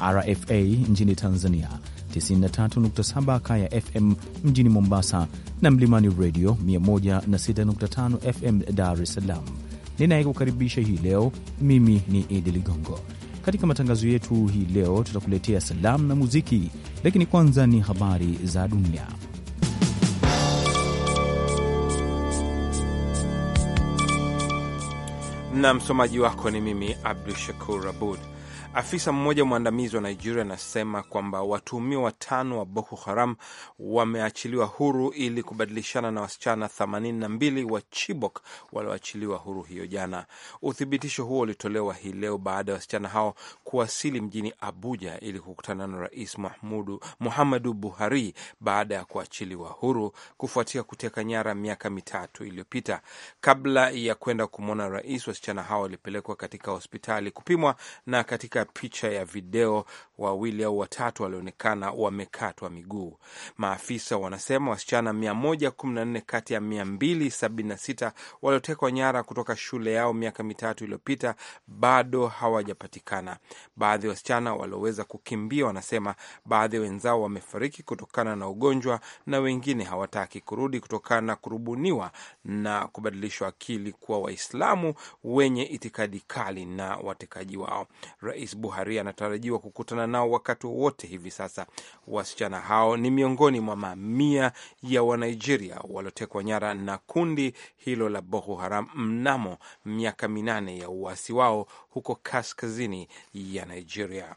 RFA nchini Tanzania 93.7, Kaya FM mjini Mombasa na Mlimani Radio 106.5 FM Dar es Salaam. Ninayekukaribisha hii leo mimi ni Idi Ligongo. Katika matangazo yetu hii leo tutakuletea salamu na muziki, lakini kwanza ni habari za dunia. Na msomaji wako ni mimi Abdu Shakur Abud. Afisa mmoja mwandamizi wa Nigeria anasema kwamba watuhumiwa watano wa Boko Haram wameachiliwa huru ili kubadilishana na wasichana 82 wa Chibok walioachiliwa huru hiyo jana. Uthibitisho huo ulitolewa hii leo baada ya wasichana hao kuwasili mjini Abuja ili kukutana na Rais Muhammadu Buhari baada ya kuachiliwa huru kufuatia kuteka nyara miaka mitatu iliyopita. Kabla ya kwenda kumwona rais, wasichana hao walipelekwa katika hospitali kupimwa na katika picha ya video wawili au watatu walionekana wamekatwa miguu. Maafisa wanasema wasichana 114 kati ya 276 waliotekwa nyara kutoka shule yao miaka mitatu iliyopita bado hawajapatikana. Baadhi ya wasichana walioweza kukimbia wanasema baadhi ya wenzao wamefariki kutokana na ugonjwa na wengine hawataki kurudi kutokana na kurubuniwa na kubadilishwa akili kuwa Waislamu wenye itikadi kali na watekaji wao. Rais Rais Buhari anatarajiwa kukutana nao wakati wowote hivi sasa. Wasichana hao ni miongoni mwa mamia ya Wanigeria waliotekwa nyara na kundi hilo la Boko Haram mnamo miaka minane ya uasi wao huko kaskazini ya Nigeria.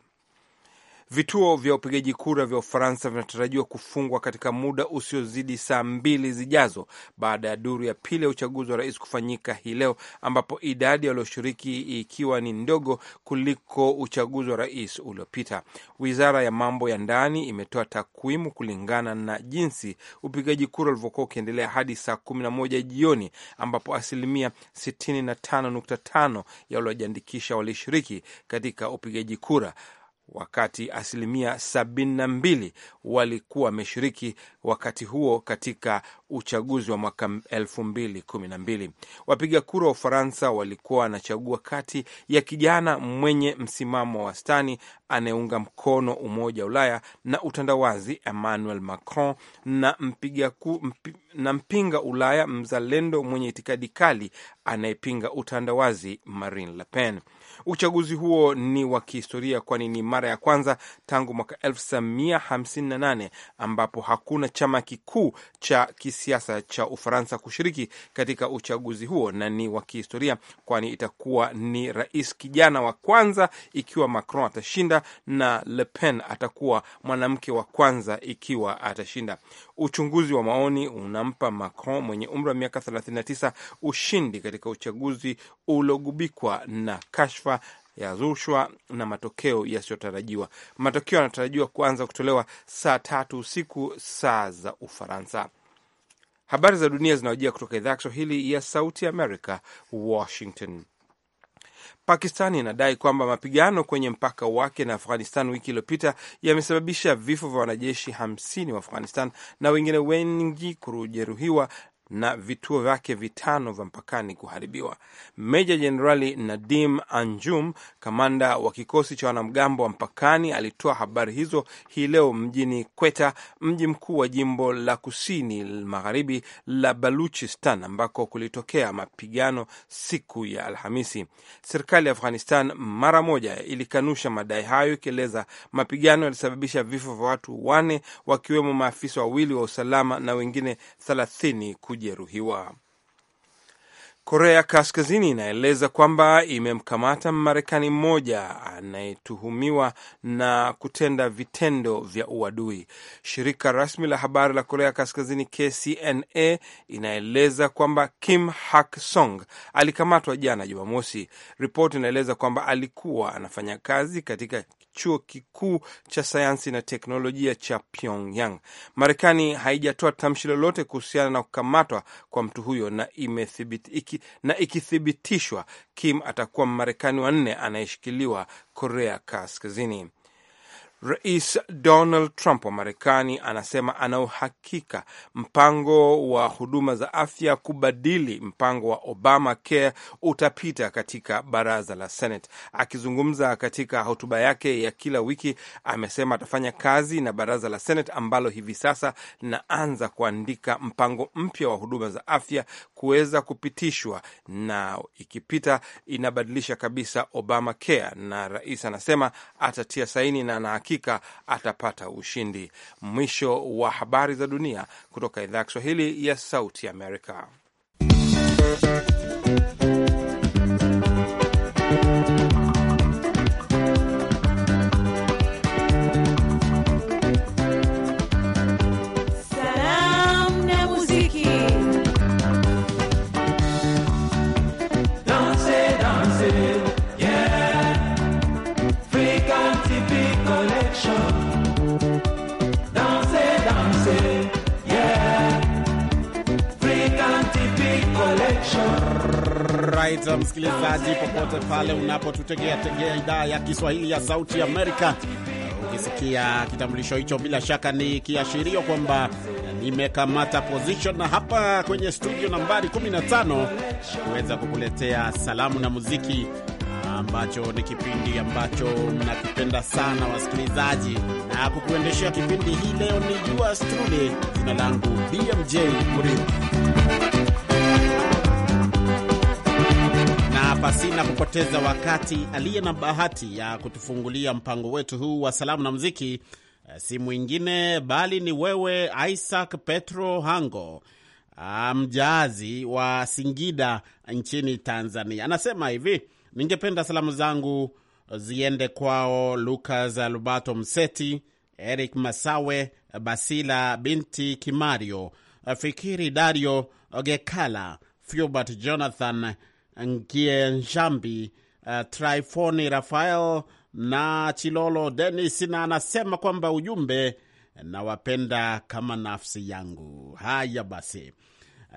Vituo vya upigaji kura vya Ufaransa vinatarajiwa kufungwa katika muda usiozidi saa mbili zijazo baada ya duru ya pili ya uchaguzi wa rais kufanyika hii leo, ambapo idadi walioshiriki ikiwa ni ndogo kuliko uchaguzi wa rais uliopita. Wizara ya mambo ya ndani imetoa takwimu kulingana na jinsi upigaji kura ulivyokuwa ukiendelea hadi saa kumi na moja jioni, ambapo asilimia 65.5 ya waliojiandikisha walishiriki katika upigaji kura wakati asilimia na mbili walikuwa wameshiriki wakati huo katika uchaguzi wa mwaka elfu mbili kumi na mbili Wapiga kura wa Ufaransa walikuwa wanachagua kati ya kijana mwenye msimamo wa wastani anayeunga mkono umoja wa Ulaya na utandawazi Emmanuel Macron na mpiga ku, mpi, na mpinga Ulaya mzalendo mwenye itikadi kali anayepinga utandawazi Marine Le Pen. Uchaguzi huo ni wa kihistoria, kwani ni mara ya kwanza tangu mwaka 1958 ambapo hakuna chama kikuu cha kisiasa cha Ufaransa kushiriki katika uchaguzi huo, na ni wa kihistoria, kwani itakuwa ni rais kijana wa kwanza ikiwa Macron atashinda na Le Pen atakuwa mwanamke wa kwanza ikiwa atashinda. Uchunguzi wa maoni unampa Macron mwenye umri wa miaka 39 ushindi katika uchaguzi uliogubikwa na kashfa kimataifa ya rushwa na matokeo yasiyotarajiwa. Matokeo yanatarajiwa kuanza kutolewa saa tatu usiku saa za Ufaransa. Habari za dunia zinawajia kutoka idhaa ya Kiswahili ya Sauti America, Washington. Pakistan inadai kwamba mapigano kwenye mpaka wake na Afghanistan wiki iliyopita yamesababisha vifo vya wanajeshi hamsini wa Afghanistan na wengine wengi kujeruhiwa na vituo vyake vitano vya mpakani kuharibiwa. Meja Jenerali Nadim Anjum, kamanda wa kikosi cha wanamgambo wa mpakani, alitoa habari hizo hii leo mjini Kweta, mji mkuu wa jimbo la kusini magharibi la Baluchistan, ambako kulitokea mapigano siku ya Alhamisi. Serikali ya Afghanistan mara moja ilikanusha madai hayo, ikieleza mapigano yalisababisha vifo vya watu wane, wakiwemo maafisa wawili wa usalama na wengine thelathini kujeruhiwa. Korea Kaskazini inaeleza kwamba imemkamata marekani mmoja anayetuhumiwa na kutenda vitendo vya uadui. Shirika rasmi la habari la Korea Kaskazini KCNA inaeleza kwamba Kim Hak Song alikamatwa jana Jumamosi. Ripoti inaeleza kwamba alikuwa anafanya kazi katika chuo kikuu cha sayansi na teknolojia cha Pyongyang. Marekani haijatoa tamshi lolote kuhusiana na kukamatwa kwa mtu huyo, na imethibit, iki, na ikithibitishwa Kim atakuwa marekani wanne anayeshikiliwa Korea Kaskazini. Rais Donald Trump wa Marekani anasema ana uhakika mpango wa huduma za afya kubadili mpango wa Obamacare utapita katika baraza la Senate. Akizungumza katika hotuba yake ya kila wiki, amesema atafanya kazi na baraza la Senate ambalo hivi sasa linaanza kuandika mpango mpya wa huduma za afya kuweza kupitishwa, na ikipita inabadilisha kabisa Obamacare, na rais anasema atatia saini na ana uhakika atapata ushindi. Mwisho wa habari za dunia kutoka idhaa ya Kiswahili ya Sauti Amerika. right, msikilizaji popote pale unapotutegea tegea idhaa ya Kiswahili ya Sauti Amerika. Ukisikia kitambulisho hicho, bila shaka ni kiashirio kwamba nimekamata position na hapa kwenye studio nambari 15 kuweza kukuletea salamu na muziki ambacho ni kipindi ambacho mnakipenda sana wasikilizaji, na kukuendeshea kipindi hii leo ni Jua Studio. Jina langu BMJ Murimu. pasina kupoteza wakati, aliye na bahati ya kutufungulia mpango wetu huu wa salamu na muziki eh, si mwingine bali ni wewe Isaac Petro Hango, ah, mjaazi wa Singida nchini Tanzania. Anasema hivi, ningependa salamu zangu ziende kwao lukas Alubato Mseti, Eric Masawe, Basila binti Kimario, Fikiri Dario Gekala, Fubert Jonathan Ngie Njambi, uh, eh, Tryfoni Rafael na Chilolo Denis, na anasema kwamba ujumbe eh, nawapenda kama nafsi yangu. Haya basi, eh,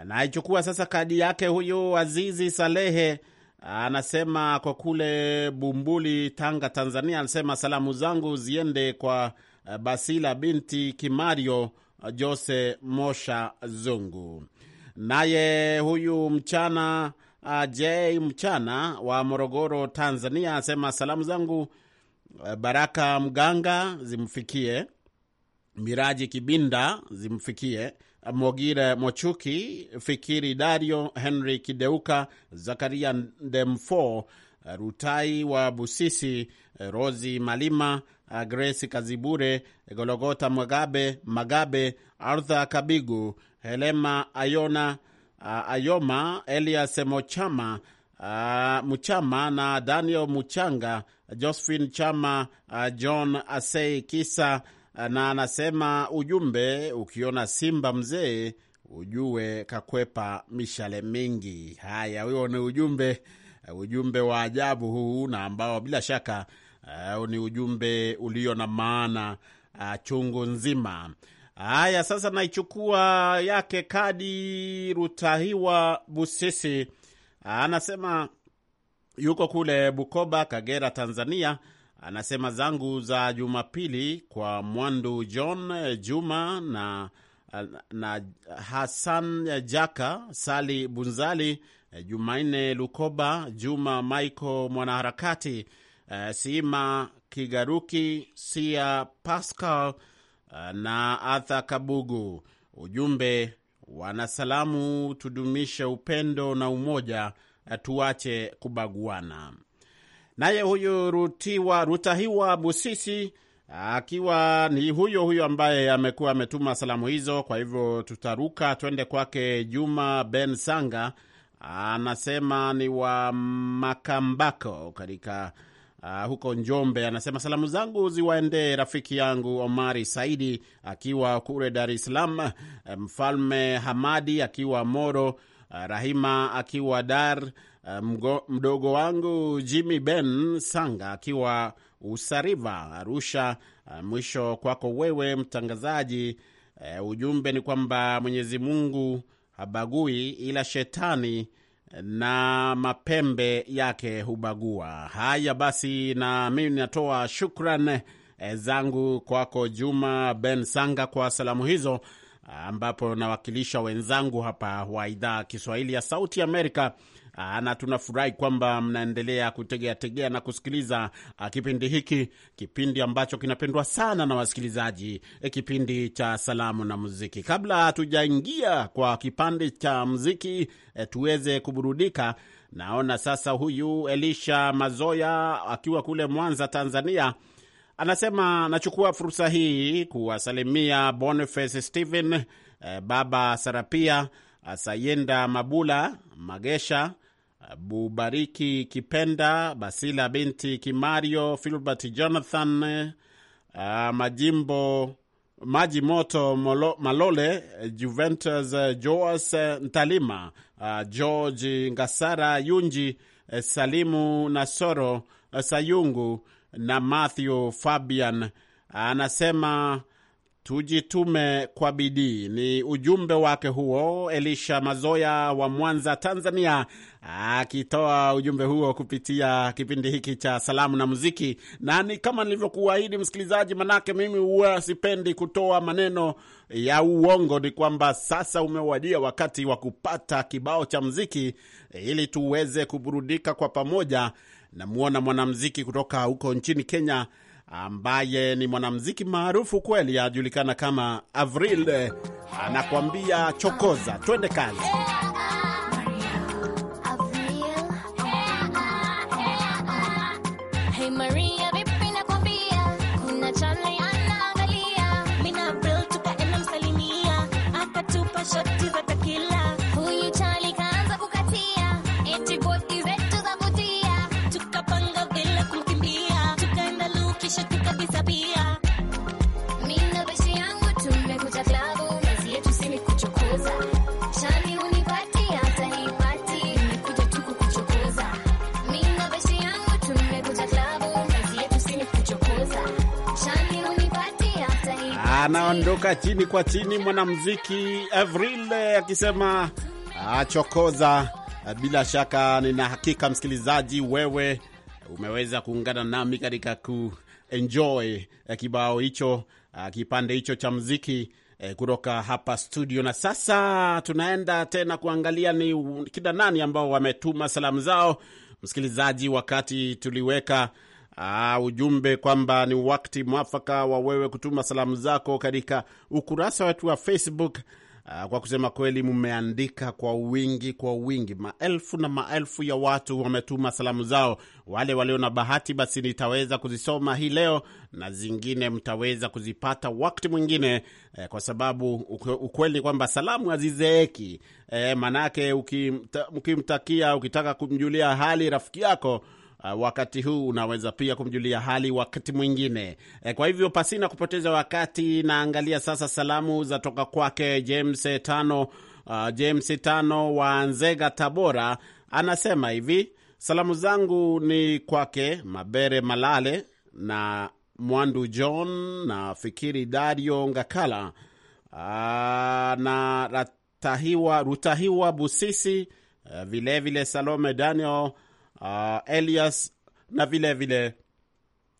naichukua sasa kadi yake huyu Azizi Salehe anasema kwa kule Bumbuli, Tanga, Tanzania. Anasema salamu zangu ziende kwa Basila binti Kimario, Jose Mosha Zungu. Naye huyu mchana J Mchana wa Morogoro, Tanzania, asema salamu zangu eh, Baraka Mganga zimfikie, Miraji Kibinda zimfikie, Mogire Mochuki, Fikiri Dario, Henry Kideuka, Zakaria Ndemfo, Rutai wa Busisi, Rosi Malima, Grace Kazibure, Gologota Magabe, Magabe Arthur Kabigu, Helema Ayona uh, Ayoma, Elias Mochama uh, Muchama na Daniel Muchanga, Josephine Chama, uh, John Asei Kisa uh, na anasema ujumbe, ukiona simba mzee ujue kakwepa mishale mingi. Haya, huyo ni ujumbe ujumbe wa ajabu huu na ambao bila shaka uh, ni ujumbe ulio na maana uh, chungu nzima. Haya, sasa naichukua yake kadi Rutahiwa Busisi, anasema yuko kule Bukoba, Kagera, Tanzania. Anasema zangu za Jumapili kwa Mwandu John Juma na, na Hasan Jaka, Sali Bunzali, Jumaine Lukoba, Juma Michael mwanaharakati, eh, Sima Kigaruki, Sia Pascal na Arthur Kabugu. Ujumbe wanasalamu, tudumishe upendo na umoja, tuache kubaguana. Naye huyu Rutiwa Rutahiwa Busisi akiwa ni huyo huyo ambaye amekuwa ametuma salamu hizo. Kwa hivyo tutaruka twende kwake Juma Ben Sanga, anasema ni wa Makambako katika uh, huko Njombe anasema salamu zangu ziwaendee rafiki yangu Omari Saidi akiwa kule Dar es Salaam, eh, Mfalme Hamadi akiwa Moro, eh, Rahima akiwa Dar, eh, mgo, mdogo wangu Jimmy Ben Sanga akiwa Usariva Arusha. Mwisho kwako wewe mtangazaji. Ujumbe ni kwamba Mwenyezi Mungu habagui ila shetani na mapembe yake hubagua. Haya basi, na mimi natoa shukran eh, zangu kwako Juma Ben Sanga kwa salamu hizo, ambapo nawakilisha wenzangu hapa wa idhaa Kiswahili ya Sauti Amerika Aa, ah, na tunafurahi kwamba mnaendelea kutegeategea na kusikiliza ah, kipindi hiki, kipindi ambacho kinapendwa sana na wasikilizaji, eh, kipindi cha salamu na muziki. Kabla hatujaingia kwa kipande cha muziki eh, tuweze kuburudika, naona sasa huyu Elisha Mazoya akiwa kule Mwanza, Tanzania anasema nachukua fursa hii kuwasalimia Boniface Stephen, eh, Baba Sarapia, Sayenda Mabula Magesha, Bubariki Kipenda, Basila binti Kimario, Filbert Jonathan, uh, Majimbo Maji Moto Molo, Malole, Juventus eh, Joas eh, Ntalima, uh, George Ngasara Yunji, eh, Salimu Nasoro Sayungu na Matthew Fabian ah, anasema Tujitume kwa bidii, ni ujumbe wake huo, Elisha Mazoya wa Mwanza, Tanzania, akitoa ujumbe huo kupitia kipindi hiki cha salamu na muziki. Na ni kama nilivyokuahidi, msikilizaji, manake mimi huwa sipendi kutoa maneno ya uongo, ni kwamba sasa umewadia wakati wa kupata kibao cha muziki ili tuweze kuburudika kwa pamoja. Namwona mwanamuziki kutoka huko nchini Kenya ambaye ni mwanamuziki maarufu kweli, ajulikana kama Avril, anakuambia chokoza, twende kazi. kutoka chini kwa chini, mwanamuziki Avril akisema achokoza Bila shaka, nina hakika msikilizaji, wewe umeweza kuungana nami katika kuenjoy eh, kibao hicho, eh, kipande hicho cha muziki eh, kutoka hapa studio. Na sasa tunaenda tena kuangalia ni kina nani ambao wametuma salamu zao. Msikilizaji, wakati tuliweka Aa, ah, ujumbe kwamba ni wakati mwafaka wa wewe kutuma salamu zako katika ukurasa wetu wa Facebook. Aa, ah, kwa kusema kweli mmeandika kwa wingi kwa wingi, maelfu na maelfu ya watu wametuma salamu zao. Wale walio na bahati basi nitaweza kuzisoma hii leo na zingine mtaweza kuzipata wakati mwingine eh, kwa sababu ukweli kwamba salamu hazizeeki eh, manake ukimtakia ukitaka kumjulia hali rafiki yako Ah, wakati huu unaweza pia kumjulia hali wakati mwingine. E, kwa hivyo pasina kupoteza wakati naangalia sasa salamu za toka kwake James tano, uh, James tano wa Nzega, Tabora, anasema hivi: salamu zangu ni kwake Mabere Malale na Mwandu John na Fikiri Dario Ngakala uh, na Rutahiwa, Rutahiwa Busisi vilevile eh, vile Salome Daniel uh, Elias na vile vile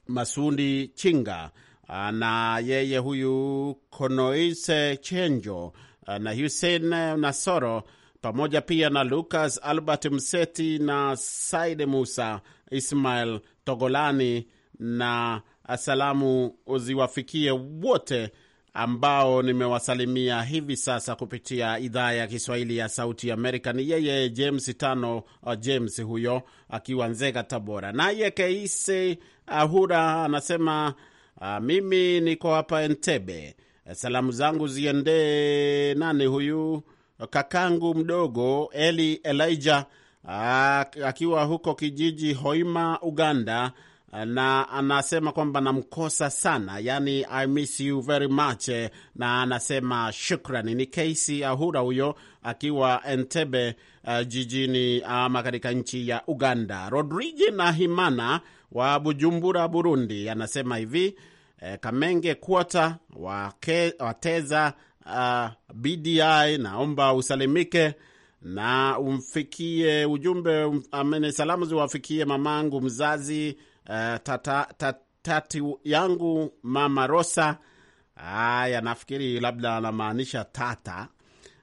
Masundi Chinga uh, na yeye huyu Konoise Chenjo uh, na Hussein Nasoro pamoja pia na Lucas Albert Mseti na Saide Musa Ismail Togolani na salamu ziwafikie wote ambao nimewasalimia hivi sasa kupitia idhaa ya Kiswahili ya Sauti Amerika ni yeye James Tano uh, James huyo akiwa Nzega, Tabora. Naye Keise Ahura anasema uh, mimi niko hapa Entebe, salamu zangu ziendee nani huyu kakangu mdogo Eli Elijah uh, akiwa huko kijiji Hoima, Uganda na anasema kwamba namkosa sana, yani I miss you very much, eh, na anasema shukrani. Ni Kesi Ahura huyo akiwa Entebe uh, eh, jijini ama katika nchi ya Uganda. Rodrige na Himana wa Bujumbura, Burundi, anasema hivi eh, Kamenge Kwata wateza uh, ah, BDI, naomba usalimike na umfikie ujumbe um, amene salamu ziwafikie mamangu mzazi tatu eh, tata, tata, yangu Mama Rosa. Haya, nafikiri labda anamaanisha tata.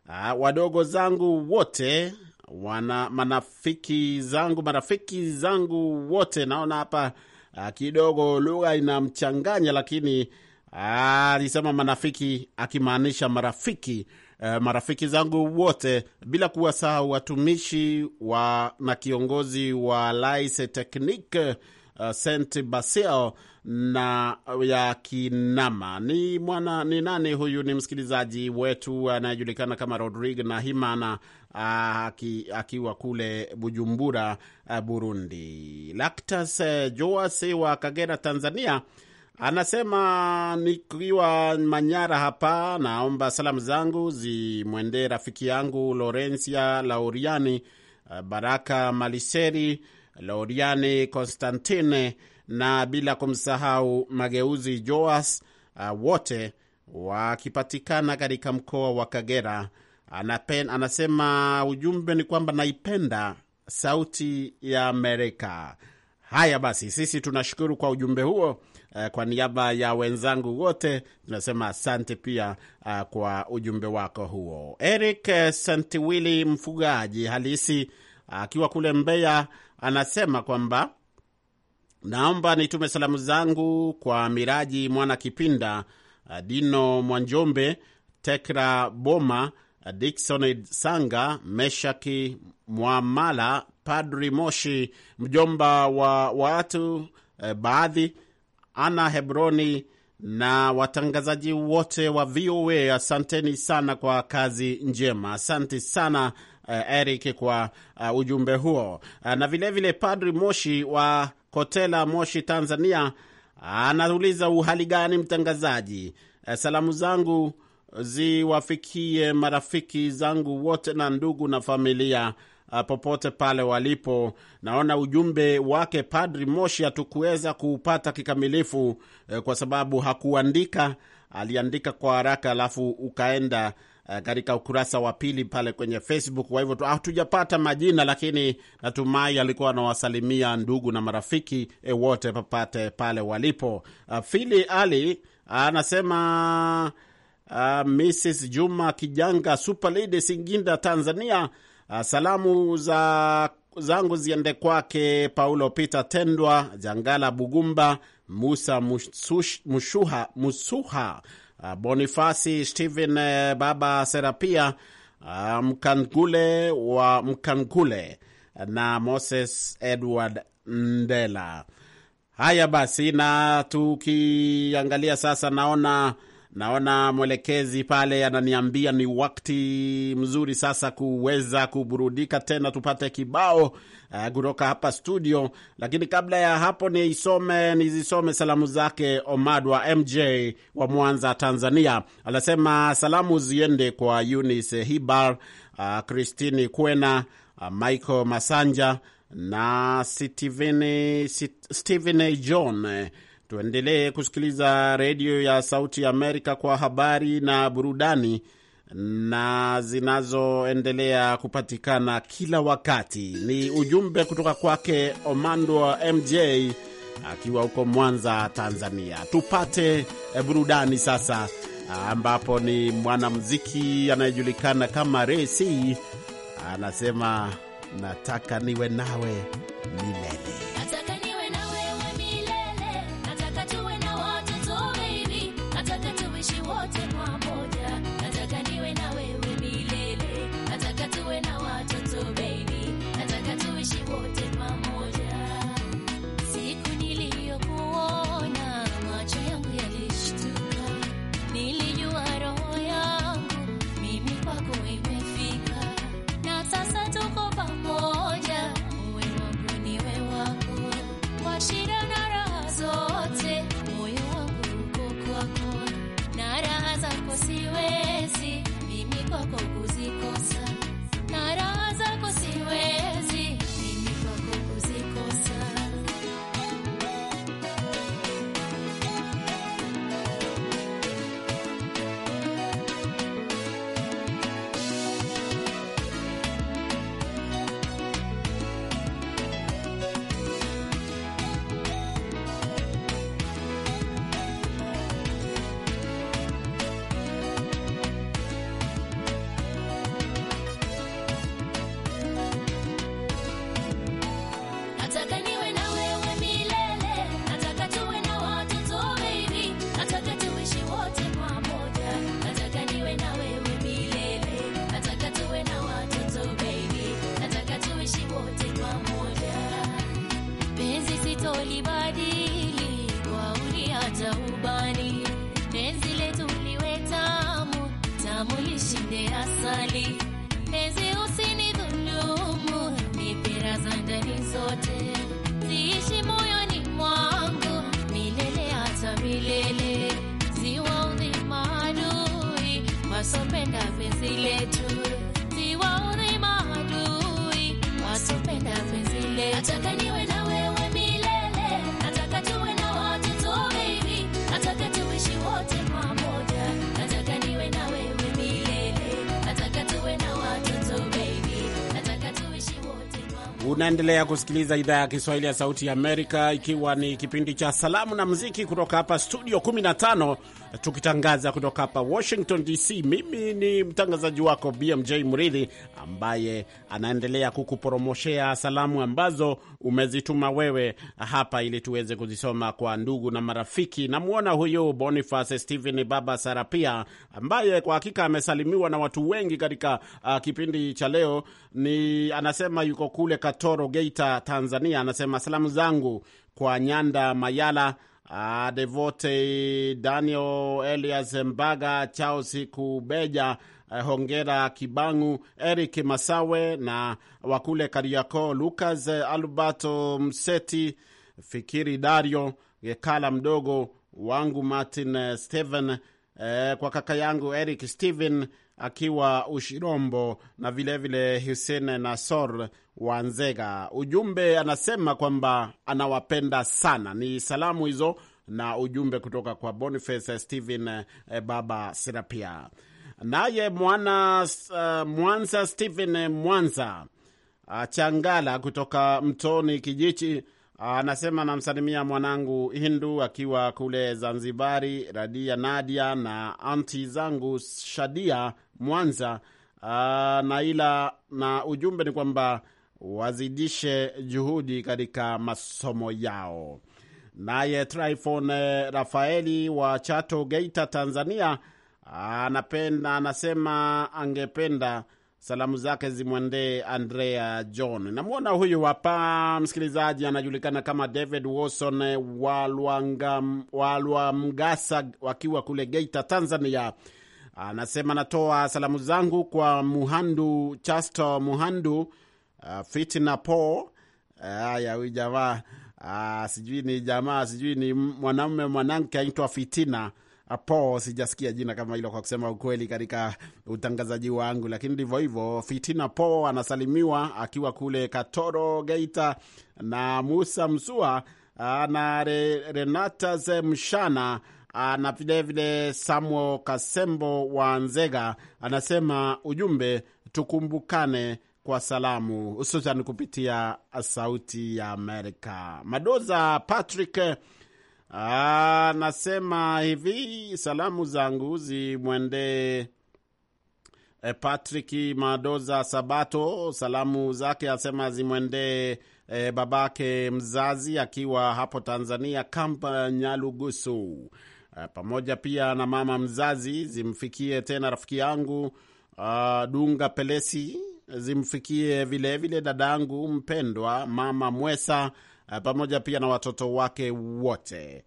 Aa, ah, wadogo zangu wote wana marafiki zangu marafiki zangu wote. Naona hapa ah, kidogo lugha inamchanganya, lakini ah, alisema marafiki akimaanisha marafiki eh, marafiki zangu wote bila kuwasahau watumishi wa na kiongozi wa Lice Technique st uh, Saint na uh, ya Kinama. Ni mwana ni nani huyu? Ni msikilizaji wetu anayejulikana kama Rodrigue na Himana uh, akiwa kule Bujumbura Burundi. Lactas Joas wa Kagera, Tanzania anasema nikiwa Manyara hapa, naomba salamu zangu zimwendee rafiki yangu Lorencia Lauriani, Baraka Maliseri Lauriani Constantine na bila kumsahau Mageuzi Joas, uh, wote wakipatikana katika mkoa wa Kagera. Anapen, anasema ujumbe ni kwamba naipenda sauti ya Amerika. Haya basi, sisi tunashukuru kwa ujumbe huo. Uh, kwa niaba ya wenzangu wote tunasema asante pia uh, kwa ujumbe wako huo. Eric uh, Santiwili, mfugaji halisi akiwa kule Mbeya, anasema kwamba naomba nitume salamu zangu kwa Miraji Mwana Kipinda, uh, Dino Mwanjombe, Tekra Boma, uh, Dikson Sanga, Meshaki Mwamala, Padri Moshi, mjomba wa watu uh, baadhi, Ana Hebroni na watangazaji wote wa VOA, asanteni sana kwa kazi njema. Asante sana uh, Eric kwa uh, ujumbe huo uh, na vilevile vile Padri Moshi wa Kotela, Moshi, Tanzania anauliza uh, uhali gani mtangazaji? uh, salamu zangu ziwafikie marafiki zangu wote na ndugu na familia popote pale walipo. Naona ujumbe wake Padri Moshi hatukuweza kuupata kikamilifu kwa sababu hakuandika, aliandika kwa haraka alafu ukaenda Eh, katika ukurasa wa pili pale kwenye Facebook. Kwa hivyo hatujapata majina, lakini natumai alikuwa anawasalimia ndugu na marafiki e, wote papate pale walipo. Eh, Fili Ali anasema Uh, Mrs. Juma Kijanga Super Lady Singinda Tanzania, uh, salamu za zangu ziende kwake Paulo Peter Tendwa, Jangala Bugumba, Musa Musuha, Musuha Uh, Bonifasi Stephen uh, Baba Serapia uh, Mkangule wa Mkangule na Moses Edward Ndela. Haya basi, na tukiangalia sasa, naona Naona mwelekezi pale ananiambia ni wakati mzuri sasa kuweza kuburudika tena, tupate kibao eh, kutoka uh, hapa studio. Lakini kabla ya hapo, nisome nizisome salamu zake Omad wa MJ wa Mwanza, Tanzania. Anasema salamu ziende kwa Eunice Hibar, uh, uh, Kwena, uh, Michael Masanja na Steveni John Tuendelee kusikiliza redio ya Sauti ya Amerika kwa habari na burudani na zinazoendelea kupatikana kila wakati. Ni ujumbe kutoka kwake Omando MJ akiwa huko Mwanza, Tanzania. Tupate burudani sasa, ambapo ni mwanamuziki anayejulikana kama Resi anasema nataka niwe nawe milele. Unaendelea kusikiliza idhaa ya Kiswahili ya Sauti ya Amerika, ikiwa ni kipindi cha salamu na muziki kutoka hapa studio 15 tukitangaza kutoka hapa Washington DC. Mimi ni mtangazaji wako BMJ Muridhi, ambaye anaendelea kukupromoshea salamu ambazo umezituma wewe hapa, ili tuweze kuzisoma kwa ndugu na marafiki. Namwona huyu Boniface Stephen Baba Sarapia, ambaye kwa hakika amesalimiwa na watu wengi katika uh, kipindi cha leo. Ni anasema yuko kule Katoro, Geita, Tanzania. Anasema salamu zangu kwa Nyanda Mayala uh, Devote Daniel Elias Mbaga, Charles Kubeja, eh, Hongera Kibangu, Eric Masawe na wakule Kariako Lucas eh, Alberto Mseti, Fikiri Dario Gekala, mdogo wangu Martin eh, Steven, kwa kaka yangu Eric Steven akiwa Ushirombo na vilevile Hussein Nasor wa Nzega. Ujumbe anasema kwamba anawapenda sana. Ni salamu hizo na ujumbe kutoka kwa Boniface Stephen eh, Baba Serapia. Naye mwana uh, Mwanza Stephen Mwanza uh, Changala kutoka Mtoni Kijichi Anasema namsalimia mwanangu Hindu akiwa kule Zanzibari, Radia Nadia na anti zangu Shadia Mwanza. Ah, na ila na ujumbe ni kwamba wazidishe juhudi katika masomo yao. Naye Tryphon eh, Rafaeli wa Chato, Geita, Tanzania anapenda, anasema angependa Salamu zake zimwendee Andrea John. Namwona huyu hapa msikilizaji, anajulikana kama David Wilson Walwamgasa wakiwa kule Geita, Tanzania. Anasema natoa salamu zangu kwa Muhandu Chasto Muhandu, uh, Fitina Po. Haya, huyu jamaa uh, sijui ni jamaa sijui ni mwanamume mwanamke, aitwa Fitina po sijasikia jina kama hilo kwa kusema ukweli, katika utangazaji wangu, lakini ndivyo hivyo. Fitina Po anasalimiwa akiwa kule Katoro, Geita, na Musa Msua ah, na Re, Renatas Mshana ah, na vilevile Samuel Kasembo wa Nzega. Anasema ujumbe, tukumbukane kwa salamu, hususan kupitia Sauti ya Amerika. Madoza Patrick Aa, ah, nasema hivi salamu zangu zimwendee eh, Patrick Madoza Sabato, salamu zake asema zimwendee e, eh, babake mzazi akiwa hapo Tanzania Kampa Nyalugusu, eh, pamoja pia na mama mzazi zimfikie, tena rafiki yangu ah, Dunga Pelesi zimfikie vilevile, dadangu mpendwa mama Mwesa Eh, pamoja pia na watoto wake wote.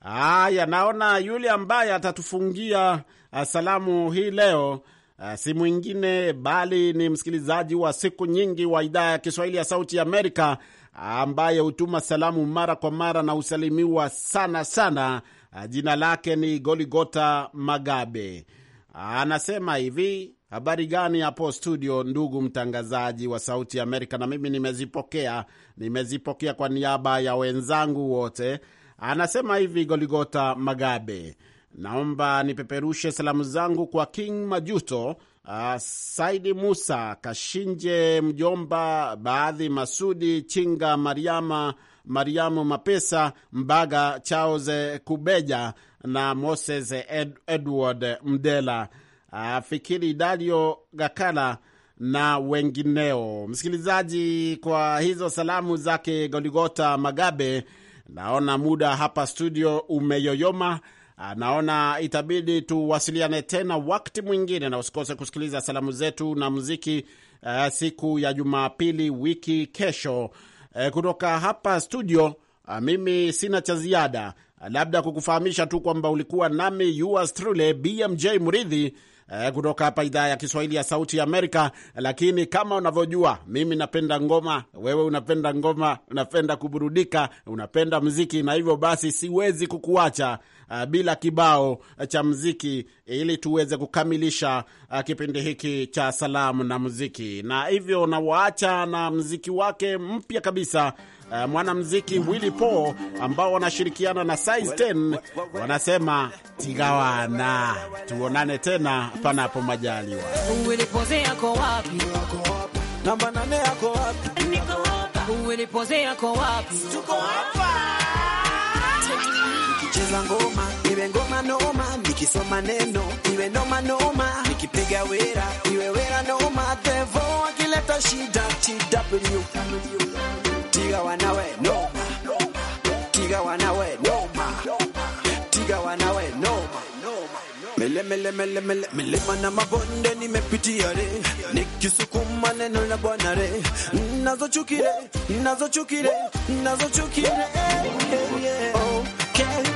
Haya, naona yule ambaye atatufungia eh, salamu hii leo eh, si mwingine bali ni msikilizaji wa siku nyingi wa idhaa ya Kiswahili ya Sauti ya Amerika ambaye hutuma salamu mara kwa mara na husalimiwa sana sana. Jina lake ni Goligota Magabe, anasema hivi: Habari gani hapo studio, ndugu mtangazaji wa Sauti ya Amerika? Na mimi nimezipokea, nimezipokea kwa niaba ya wenzangu wote. Anasema hivi Goligota Magabe, naomba nipeperushe salamu zangu kwa King Majuto, uh, Saidi Musa Kashinje, mjomba baadhi, Masudi Chinga, Mariama Mariamu Mapesa Mbaga, Charles Kubeja na Moses Ed, Edward Mdela Fikiri Dario Gakala na wengineo. Msikilizaji, kwa hizo salamu zake Goligota Magabe, naona muda hapa studio umeyoyoma. Ah, naona itabidi tuwasiliane tena wakati mwingine, na usikose kusikiliza salamu zetu na muziki uh, siku ya Jumapili wiki kesho. Uh, kutoka hapa studio uh, mimi sina cha ziada, uh, labda kukufahamisha tu kwamba ulikuwa nami yours truly BMJ Muridhi eh, kutoka hapa idhaa ya Kiswahili ya Sauti ya Amerika. Lakini kama unavyojua, mimi napenda ngoma, wewe unapenda ngoma, unapenda kuburudika, unapenda mziki, na hivyo basi siwezi kukuacha uh, bila kibao cha mziki ili tuweze kukamilisha uh, kipindi hiki cha salamu na muziki, na hivyo nawaacha na mziki wake mpya kabisa. Uh, mwanamziki Willy Paul ambao wanashirikiana na Size 10 wanasema tigawana, tuonane tena panapo majaliwa nikicheza ngoma iwe ngoma noma, nikisoma neno iwe noma noma, nikipiga wera iwe wera noma. Devo akileta shida TW tiga wanawe noma, tiga wanawe noma, tiga wanawe noma Mele mele mele mele milima na mabonde nimepitia re, nikisukuma neno la Bwana re, nazo nazo chukire, chukire, nazochukire nazochukire, oh, okay.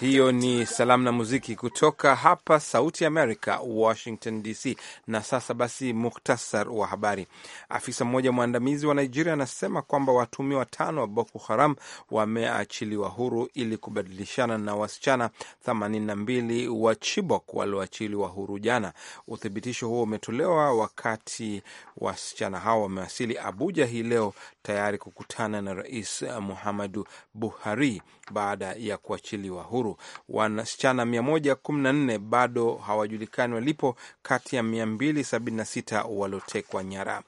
Hiyo ni salamu na muziki kutoka hapa Sauti ya Amerika, Washington DC. Na sasa basi, muktasar wa habari. Afisa mmoja mwandamizi wa Nigeria anasema kwamba watumiwa watano wa Boko Haram wameachiliwa huru ili kubadilishana na wasichana 82 wa Chibok walioachiliwa huru jana. Uthibitisho huo umetolewa wakati wasichana hao wamewasili Abuja hii leo tayari kukutana na Rais Muhammadu Buhari baada ya kuachiliwa huru. Wasichana 114 bado hawajulikani walipo kati ya 276 waliotekwa nyara.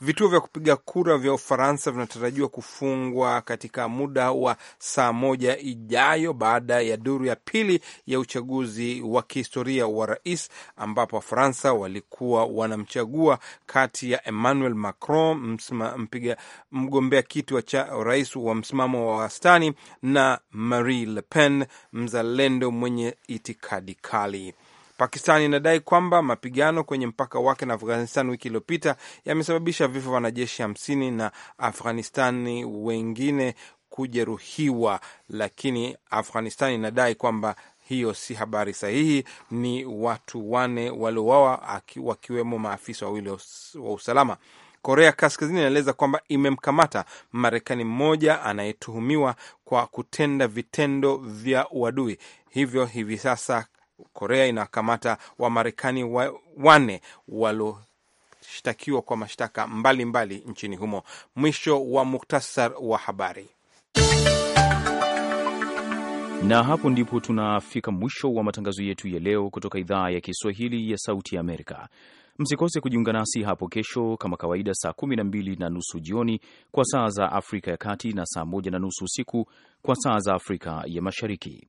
Vituo vya kupiga kura vya Ufaransa vinatarajiwa kufungwa katika muda wa saa moja ijayo baada ya duru ya pili ya uchaguzi wa kihistoria wa rais, ambapo Wafaransa walikuwa wanamchagua kati ya Emmanuel Macron, mpiga mgombea kiti cha rais wa msimamo wa wastani, na Marie Le Pen, mzalendo mwenye itikadi kali. Pakistani inadai kwamba mapigano kwenye mpaka wake na Afghanistan wiki iliyopita yamesababisha vifo vya wanajeshi hamsini na Afghanistani wengine kujeruhiwa, lakini Afghanistan inadai kwamba hiyo si habari sahihi. Ni watu wane waliowawa wakiwemo maafisa wawili wa usalama. Korea Kaskazini inaeleza kwamba imemkamata Marekani mmoja anayetuhumiwa kwa kutenda vitendo vya uadui. Hivyo hivi sasa Korea inakamata Wamarekani wa, wane walioshtakiwa kwa mashtaka mbalimbali nchini humo. Mwisho wa muktasar wa habari. Na hapo ndipo tunafika mwisho wa matangazo yetu ya leo kutoka idhaa ya Kiswahili ya Sauti ya Amerika. Msikose kujiunga nasi hapo kesho kama kawaida, saa 12 na nusu jioni kwa saa za Afrika ya Kati na saa 1 na nusu usiku kwa saa za Afrika ya Mashariki.